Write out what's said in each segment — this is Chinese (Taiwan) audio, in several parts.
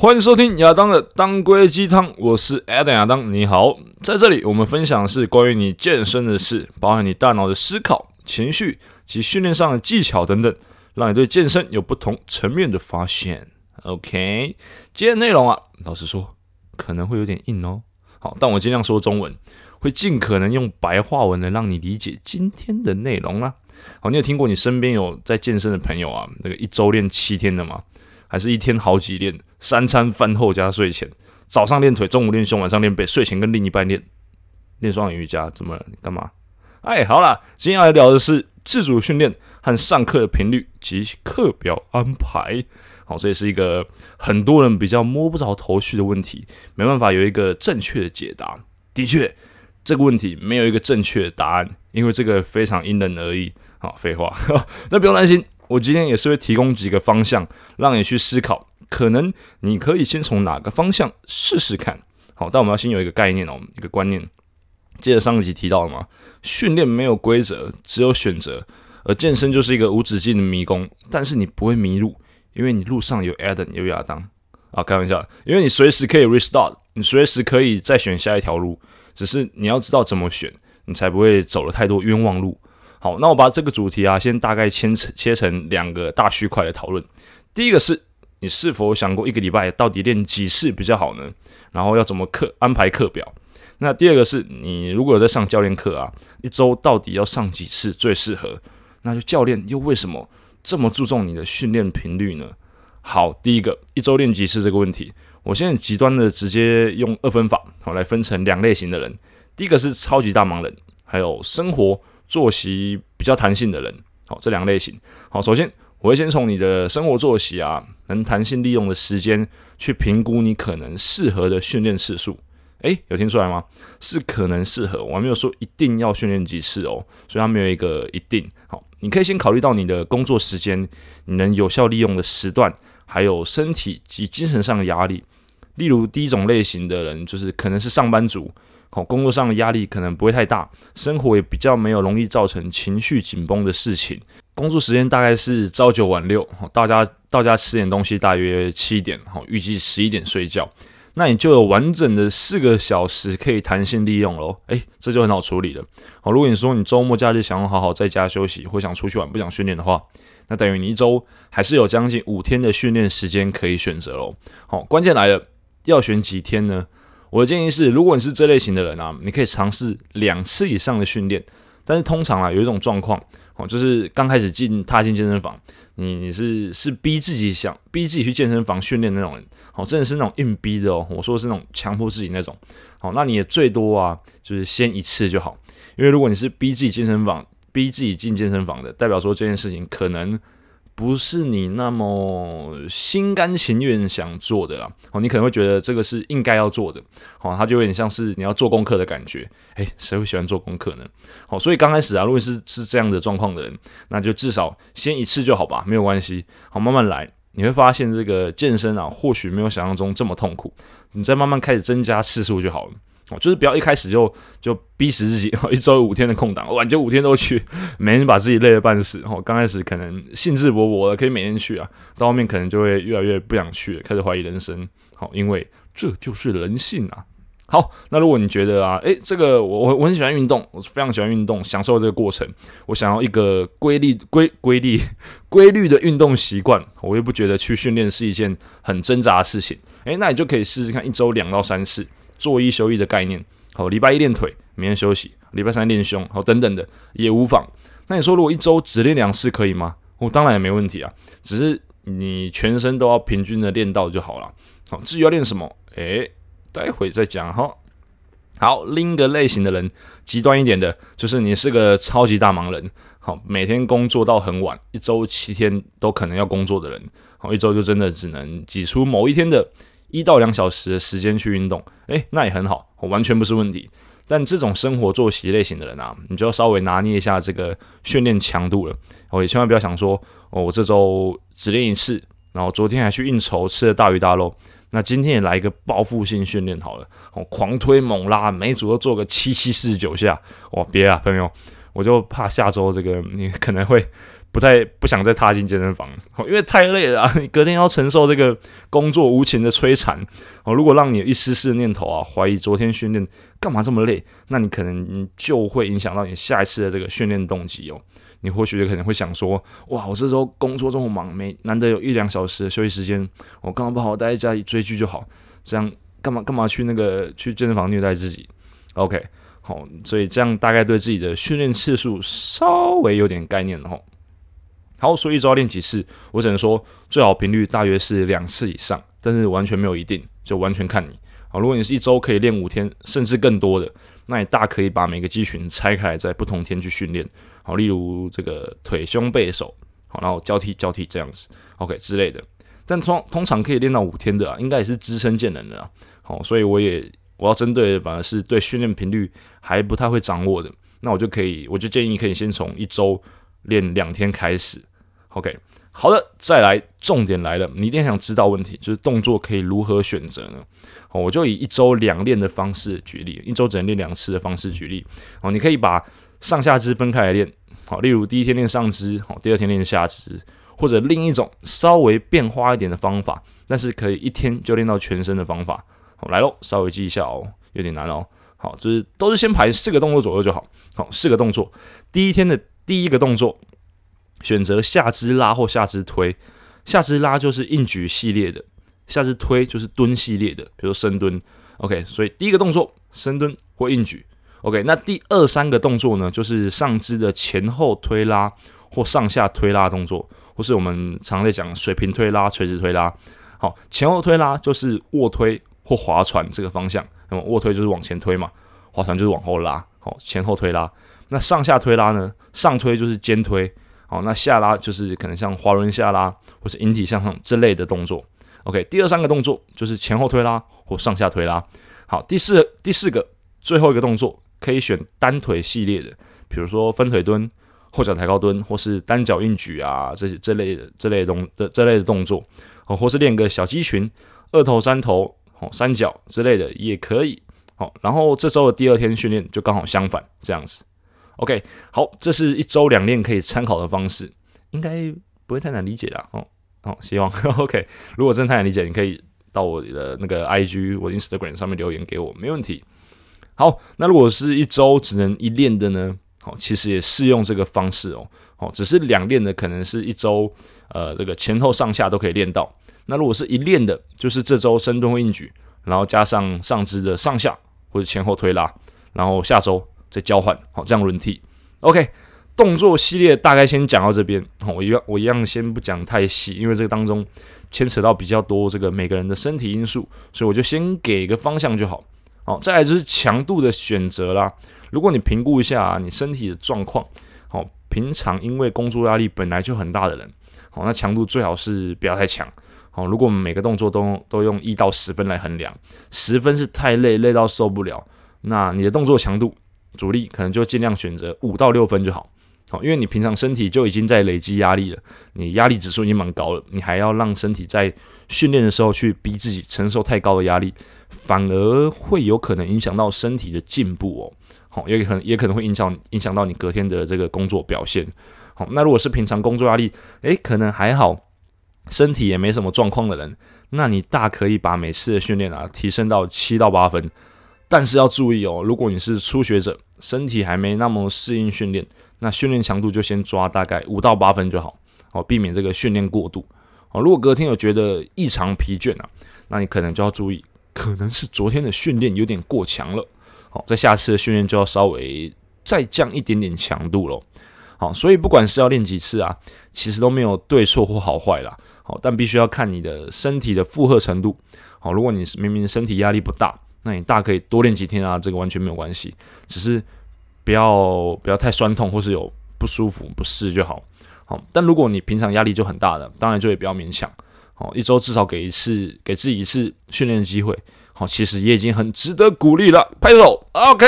歡迎收聽亞當的當歸雞湯，我是 Adam 亞當，你好，在這裡我們分享的是關於你健身的事，包含你大腦的思考、情緒及訓練上的技巧等等，讓你對健身有不同層面的發現。OK，今天的內容啊，老實說可能會有點硬哦，好，但我盡量說中文，會盡可能用白話文來讓你理解今天的內容啦、啊。好，你有聽過你身邊有在健身的朋友啊，那個一周練七天的嗎？還是一天好幾練，三餐飯後加睡前，早上練腿，中午練胸，晚上練背，睡前跟另一半練，練雙人瑜伽，怎麼了，你幹嘛？哎，好啦，今天要來聊的是自主訓練和上課的頻率及課表安排。好，這也是一個很多人比較摸不着頭緒的問題，沒辦法有一個正確的解答。的確，這個問題沒有一個正確的答案，因為這個非常因人而異。好，廢話，那不用擔心。我今天也是會提供幾個方向，讓你去思考，可能你可以先從哪個方向試試看。好，但我們要先有一個概念哦，一個觀念。記得上一集提到了嗎？訓練沒有規則，只有選擇。而健身就是一個無止境的迷宮，但是你不會迷路，因為你路上有 Adam，有亞當。啊，開玩笑，因為你隨時可以 restart，你隨時可以再選下一條路。只是你要知道怎麼選，你才不會走了太多冤枉路。好，那我把這個主題啊，先大概切成切成兩個大區塊來討論。第一個是你是否想過一個禮拜到底練幾次比較好呢？然後要怎麼課安排課表？那第二個是你如果有在上教練課啊，一周到底要上幾次最適合？那就教練又為什麼這麼注重你的訓練頻率呢？好，第一個一周練幾次這個問題，我現在極端的直接用二分法，我來分成兩類型的人。第一個是超級大忙人，還有生活。作息比較彈性的人，好，這兩個類型，好，首先我會先從你的生活作息啊，能彈性利用的時間，去評估你可能適合的訓練次數。誒，有聽出來嗎？是可能適合，我還沒有說一定要訓練幾次哦，所以它沒有一個一定。好，你可以先考慮到你的工作時間，你能有效利用的時段，還有身體及精神上的壓力。例如第一種類型的人，就是可能是上班族。好，工作上的壓力可能不會太大，生活也比較沒有容易造成情緒緊繃的事情。工作時間大概是朝九晚六，好，大家到家吃點東西，大約七點，好，預計十一點睡覺，那你就有完整的四個小時可以彈性利用嘍。誒、欸，這就很好處理了。好，如果你說你周末假日想要好好在家休息，或想出去玩，不想訓練的話，那等於你一周還是有將近五天的訓練時間可以選擇嘍。好，關鍵來了，要選幾天呢？我的建議是，如果你是這類型的人啊，你可以嘗試兩次以上的訓練。但是通常啊，有一種狀況哦，就是剛開始進踏進健身房，你你是是逼自己想逼自己去健身房訓練那種人，哦，真的是那種硬逼的哦。我說是那種強迫自己那種。好、哦，那你也最多啊，就是先一次就好。因為如果你是逼自己健身房、逼自己進健身房的，代表說這件事情可能。不是你那麼心甘情願想做的啦，哦，你可能會覺得這個是應該要做的，哦，他就有點像是你要做功課的感覺，誒，誰會喜歡做功課呢？好，所以剛開始啊，如果是是這樣的狀況的人，那就至少先一次就好吧，沒有關係，好，慢慢來，你會發現這個健身啊，或許沒有想象中這麼痛苦，你再慢慢開始增加次數就好了。哦，就是不要一開始就就逼死自己哦。一周有五天的空檔，我感覺五天都去，每天把自己累得半死。然後剛開始可能興致勃勃的，可以每天去啊，到後面可能就會越來越不想去了，開始懷疑人生。好，因為這就是人性啊。好，那如果你覺得啊，誒、欸，這個我我我很喜歡運動，我非常喜歡運動，享受這個過程，我想要一個規律規規律規律的運動習慣，我又不覺得去訓練是一件很掙扎的事情。誒、欸，那你就可以試試看一周兩到三次。做一休一的概念，好，禮拜一練腿，明天休息；禮拜三練胸，好，等等的也無妨。那你說，如果一周只練兩次可以嗎？我、哦、當然也沒問題啊，只是你全身都要平均的練到就好了。好，至於要練什麼，誒，待會再講哈、哦。好，另一個類型的人，極端一點的，就是你是個超級大忙人，好，每天工作到很晚，一周七天都可能要工作的人，好，一周就真的只能擠出某一天的。一到兩小時的時間去運動，哎，那也很好，完全不是問題。但這種生活作息類型的人啊，你就要稍微拿捏一下這個訓練強度了。哦，也千萬不要想說，哦，我這週只練一次，然後昨天還去應酬吃了大魚大肉，那今天也來一個報復性訓練好了，哦，狂推猛拉，每一組都做個七七四十九下。哦，別啊，朋友，我就怕下周這個你可能會。不太不想再踏進健身房因為太累了啊。你隔天要承受這個工作無情的摧殘哦。如果讓你有一絲絲的念頭啊，懷疑昨天訓練幹嘛這麼累，那你可能就會影響到你下一次的這個訓練動機哦。你或許就可能會想說，哇，我這週工作這麼忙，沒難得有一兩小時的休息時間，我剛剛不好好待在家裡追劇就好，這樣幹嘛幹嘛去那個去健身房虐待自己？OK，好，所以這樣大概對自己的訓練次數稍微有點概念了哦。好，所以一周要練幾次？我只能說，最好頻率大約是兩次以上，但是完全沒有一定，就完全看你。好，如果你是一周可以練五天，甚至更多的，那你大可以把每個肌群拆開來，在不同天去訓練。好，例如這個腿、胸、背、手，好，然後交替，交替這樣子，OK 之類的。但通通常可以練到五天的，啊，應該也是資深健人的啊。好，所以我也我要針對反而是對訓練頻率還不太會掌握的，那我就可以，我就建議可以先從一周練兩天開始。OK，好的，再來，重點來了，你一定想知道問題，就是動作可以如何選擇呢？好，我就以一周兩練的方式舉例，一周只能練兩次的方式舉例。好，你可以把上下肢分開來練，好，例如第一天練上肢，好，第二天練下肢，或者另一種稍微變化一點的方法，但是可以一天就練到全身的方法。好，來嘍，稍微記一下哦，有點難哦。好，就是都是先排四個動作左右就好，好，四個動作，第一天的第一個動作，選擇下肢拉或下肢推，下肢拉就是硬舉系列的，下肢推就是蹲系列的，比如深蹲。OK，所以第一個動作深蹲或硬舉。OK，那第二三個動作呢，就是上肢的前後推拉或上下推拉動作，或是我們常常在講水平推拉、垂直推拉。好，前後推拉就是臥推或划船這個方向。那麼臥推就是往前推嘛，划船就是往後拉。好，前後推拉。那上下推拉呢？上推就是肩推。好，那下拉就是可能像滑輪下拉或是引體向上這類的動作。OK，第二三個動作就是前後推拉或上下推拉。好，第四第四個最後一個動作可以選單腿系列的，比如說分腿蹲、後腳抬高蹲或是單腳硬舉啊這些這類的這類的動的這類的動作，哦或是練個小肌群，二頭三頭哦三角之類的也可以。好，然後這周的第二天訓練就剛好相反這樣子。OK，好，這是一周兩練可以參考的方式，應該不會太難理解啦。哦。哦，希望 OK。如果真的太難理解，你可以到我的那個 IG，我 Instagram 上面留言給我，沒問題。好，那如果是一周只能一練的呢？好、哦，其實也適用這個方式哦。哦，只是兩練的可能是一周，呃，這個前後上下都可以練到。那如果是一練的，就是這周深蹲或硬舉，然後加上上肢的上下或者前後推拉，然後下周。再交換，好，這樣輪替。OK，動作系列大概先講到這邊。我一樣，我一樣先不講太細，因為這個當中牽扯到比較多這個每個人的身體因素，所以我就先給一個方向就好。好，再來就是強度的選擇啦。如果你評估一下、啊、你身體的狀況，好，平常因為工作壓力本來就很大的人，好，那強度最好是不要太強。好，如果我們每個動作都都用一到十分來衡量，十分是太累，累到受不了，那你的動作強度。阻力可能就盡量選擇五到六分就好，好，因為你平常身體就已經在累積壓力了，你壓力指數已經蠻高了，你還要讓身體在訓練的時候去逼自己承受太高的壓力，反而會有可能影響到身體的進步哦。好，也可能也可能會影響影響到你隔天的這個工作表現。好，那如果是平常工作壓力，誒，可能還好，身體也沒什麼狀況的人，那你大可以把每次的訓練啊提昇到七到八分。但是要注意哦，如果你是初學者，身體還沒那麼適應訓練，那訓練強度就先抓大概五到八分就好，好，避免這個訓練過度。好，如果隔天有覺得異常疲倦啊，那你可能就要注意，可能是昨天的訓練有點過強了，好，在下次的訓練就要稍微再降一點點強度嘍。好，所以不管是要練幾次啊，其實都沒有對錯或好壞啦，好，但必須要看你的身體的負荷程度。好，如果你明明身體壓力不大。那你大可以多練幾天啊，這個完全沒有關係，只是不要不要太酸痛或是有不舒服不適就好。好，但如果你平常壓力就很大的，當然就也不要勉強。哦，一周至少給一次給自己一次訓練的機會。好，其實也已經很值得鼓勵了。拍手，OK。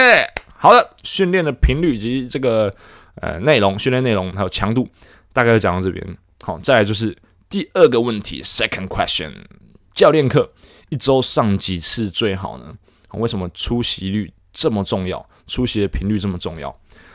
好的，訓練的頻率以及這個呃內容、訓練內容還有強度，大概就講到這邊。好，再來就是第二個問題，Second question：教練課一周上幾次最好呢？為什麼出席率這麼重要？出席的頻率這麼重要？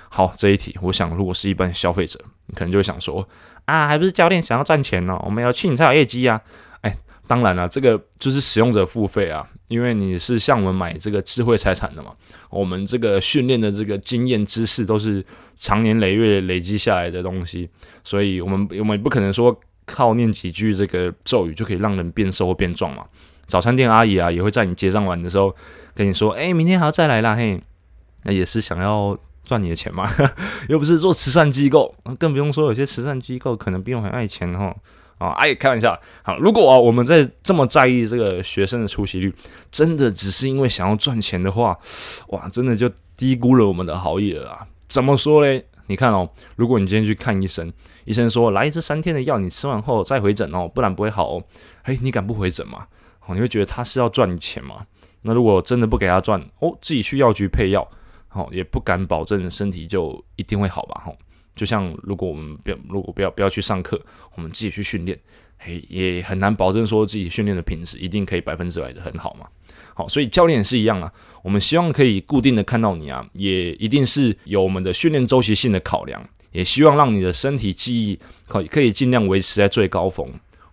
好，這一題，我想如果是一般消費者，你可能就會想說：“啊，還不是教練想要賺錢呢、哦？我們要去你才有業績啊！”哎，當然了、啊，這個就是使用者付費啊，因為你是向我們買這個智慧財產的嘛。我們這個訓練的這個經驗知識都是常年累月累積下來的東西，所以我們我們不可能說靠念幾句這個咒語就可以讓人變瘦或變壯嘛。早餐店阿姨啊，也會在你結賬完的時候跟你說，哎、欸，明天還要再來啦，嘿，那也是想要賺你的錢嘛， 又不是做慈善機構，更不用說有些慈善機構可能比我很愛錢哈、哦，啊，哎，開玩笑，好，如果啊、哦，我們在這麼在意這個學生的出席率，真的只是因為想要賺錢的話，哇，真的就低估了我們的好意了啊！怎麼說嘞？你看哦，如果你今天去看醫生，醫生說來這三天的藥，你吃完後再回診哦，不然不會好哦。嘿、欸，你敢不回診嗎？哦，你會覺得他是要賺你錢嗎？那如果真的不給他賺哦，自己去藥局配藥，好、哦、也不敢保證身體就一定會好吧？吼、哦，就像如果我們不，如果不要不要去上課，我們自己去訓練，嘿，也很難保證說自己訓練的品質一定可以百分之百的很好嘛。好、哦，所以教練也是一樣啊。我們希望可以固定的看到你啊，也一定是有我們的訓練周期性的考量，也希望讓你的身體記憶可、哦、可以盡量維持在最高峰。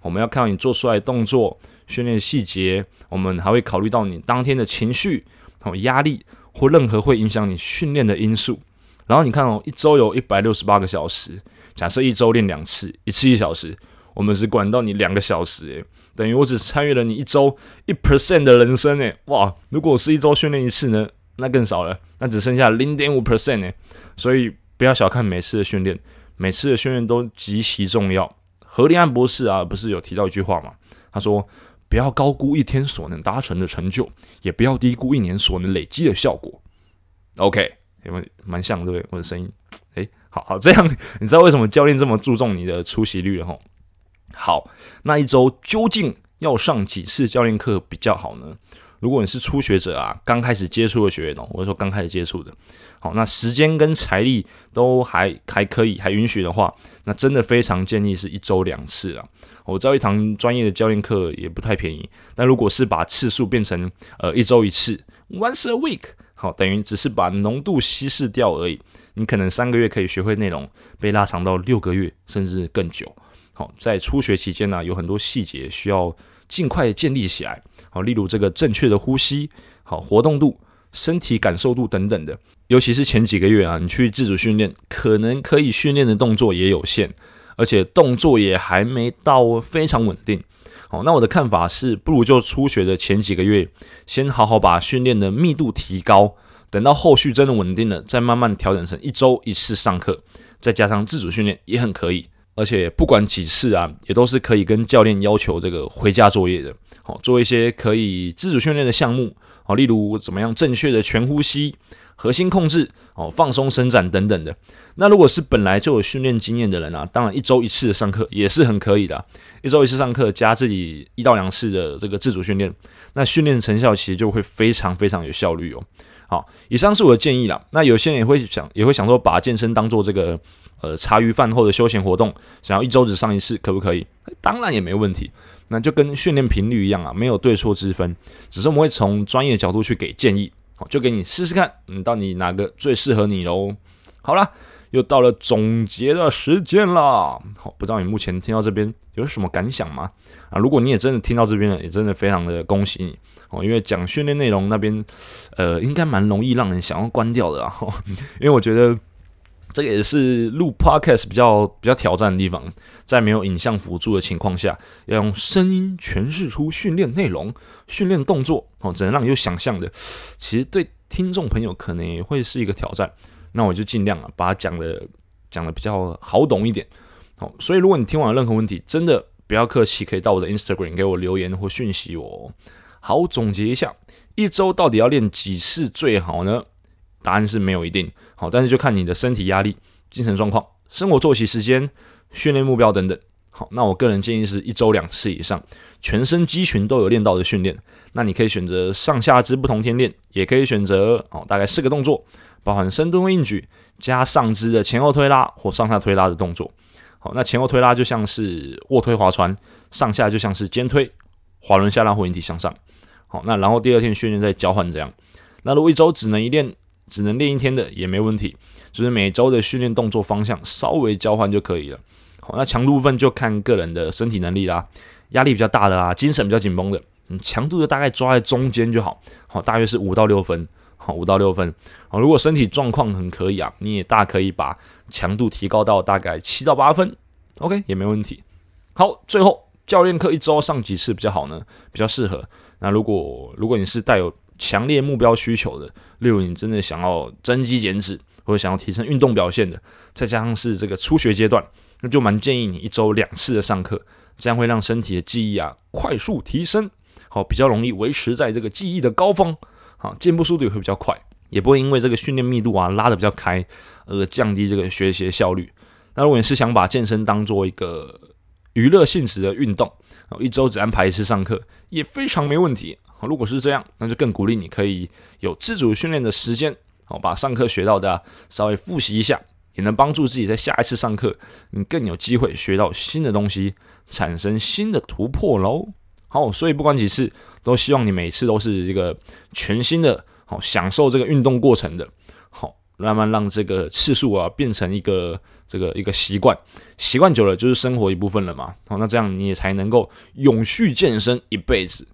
我們要看到你做出來的動作。訓練細節，我們還會考慮到你當天的情緒、還有壓力或任何會影響你訓練的因素。然後你看哦，一周有一百六十八個小時，假設一周練兩次，一次一小時，我們只管到你兩個小時誒，等於我只參與了你一周一 percent 的人生誒，哇！如果是一周訓練一次呢，那更少了，那只剩下零點五 percent 誒，所以不要小看每次的訓練，每次的訓練都極其重要。何立安博士啊，不是有提到一句話嘛？他說。不要高估一天所能達成的成就，也不要低估一年所能累積的效果。OK，因為蠻像對不對？我的聲音，哎、欸，好好這樣，你知道為什麼教練這麼注重你的出席率了吼？好，那一周究竟要上幾次教練課比較好呢？如果你是初學者啊，剛開始接觸的學員，我是說剛開始接觸的，好，那時間跟財力都還還可以，還允許的話，那真的非常建議是一周兩次啊。我知道一堂專業的教練課也不太便宜，但如果是把次數變成呃一周一次，once a week，好，等於只是把濃度稀釋掉而已。你可能三個月可以學會內容，被拉長到六個月甚至更久。好，在初學期間呢、啊，有很多細節需要。盡快建立起來，好，例如這個正確的呼吸，好，活動度、身體感受度等等的，尤其是前幾個月啊，你去自主訓練，可能可以訓練的動作也有限，而且動作也還沒到非常穩定。好，那我的看法是，不如就初學的前幾個月，先好好把訓練的密度提高，等到後續真的穩定了，再慢慢調整成一周一次上課，再加上自主訓練也很可以。而且不管幾次啊，也都是可以跟教練要求這個回家作業的，好，做一些可以自主訓練的項目，好，例如怎麼樣正確的全呼吸、核心控制、哦，放鬆伸展等等的。那如果是本來就有訓練經驗的人啊，當然一周一次的上課也是很可以的啊，一周一次上課加自己一到兩次的這個自主訓練，那訓練成效其實就會非常非常有效率哦。好，以上是我的建議啦。那有些人也會想，也會想說把健身當做這個。呃，茶餘飯後的休閒活動，想要一周只上一次，可不可以？當然也沒問題，那就跟訓練頻率一樣啊，沒有對錯之分，只是我們會從專業角度去給建議，好，就給你試試看，嗯，到底哪個最適合你嘍。好啦，又到了總結的時間啦。好，不知道你目前聽到這邊有什麼感想嗎？啊，如果你也真的聽到這邊了，也真的非常的恭喜你哦，因為講訓練內容那邊，呃，應該蠻容易讓人想要關掉的啦，因為我覺得。這個也是錄 Podcast 比較比較挑戰的地方，在沒有影像輔助的情況下，要用聲音詮釋出訓練內容、訓練動作，哦，只能讓你有想象的，其實對聽眾朋友可能也會是一個挑戰。那我就儘量啊，把它講的講的比較好懂一點。哦，所以如果你聽完有任何問題，真的不要客氣，可以到我的 Instagram 給我留言或訊息我哦。好，總結一下，一周到底要練幾次最好呢？答案是沒有一定，好，但是就看你的身體壓力、精神狀況、生活作息時間、訓練目標等等。好，那我個人建議是一週兩次以上，全身肌群都有練到的訓練。那你可以選擇上下肢不同天練，也可以選擇哦，大概四個動作，包含深蹲、硬舉，加上肢的前後推拉或上下推拉的動作。好，那前後推拉就像是臥推划船，上下就像是肩推、滑輪下拉或引體向上。好，那然後第二天訓練再交換這樣。那如果一週只能一練。只能練一天的也沒問題，就是每周的訓練動作方向稍微交換就可以了。好，那強度部分就看個人的身體能力啦。壓力比較大的啊，精神比較緊繃的，嗯，強度就大概抓在中間就好。好，大約是五到六分。好，五到六分。好，如果身體狀況很可以啊，你也大可以把強度提高到大概七到八分。OK，也沒問題。好，最後教練課一周上幾次比較好呢？比較適合。那如果如果你是帶有強烈目標需求的，例如你真的想要增肌減脂，或者想要提升運動表現的，再加上是這個初學階段，那就蠻建議你一周兩次的上課，這樣會讓身體的記憶啊快速提升，好比較容易維持在這個記憶的高峰，好進步速度也會比較快，也不會因為這個訓練密度啊拉得比較開而降低這個學習效率。那如果你是想把健身當做一個娛樂性質的運動，一周只安排一次上課也非常沒問題。如果是這樣，那就更鼓勵你可以有自主訓練的時間，好把上課學到的啊，稍微複習一下，也能幫助自己在下一次上課，你更有機會學到新的東西，產生新的突破嘍。好，所以不管幾次，都希望你每次都是一個全新的，好享受這個運動過程的，好慢慢讓這個次數啊變成一個這個一個習慣，習慣久了就是生活一部分了嘛。好，那這樣你也才能夠永續健身一輩子。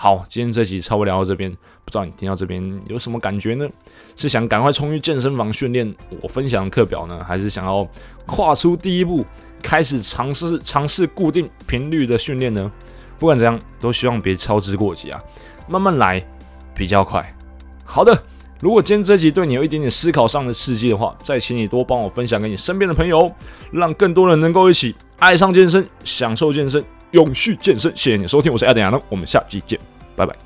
好，今天這集差不多聊到這邊，不知道你聽到這邊有什麼感覺呢？是想趕快衝去健身房訓練我分享的課表呢，還是想要跨出第一步，開始嘗試嘗試固定頻率的訓練呢？不管怎樣，都希望別操之過急啊，慢慢來比較快。好的，如果今天這集對你有一點點思考上的刺激的話，再請你多幫我分享給你身邊的朋友，讓更多人能夠一起愛上健身，享受健身。永續健身，謝謝你收聽，我是 Adam 亞當，我們下期見，拜拜。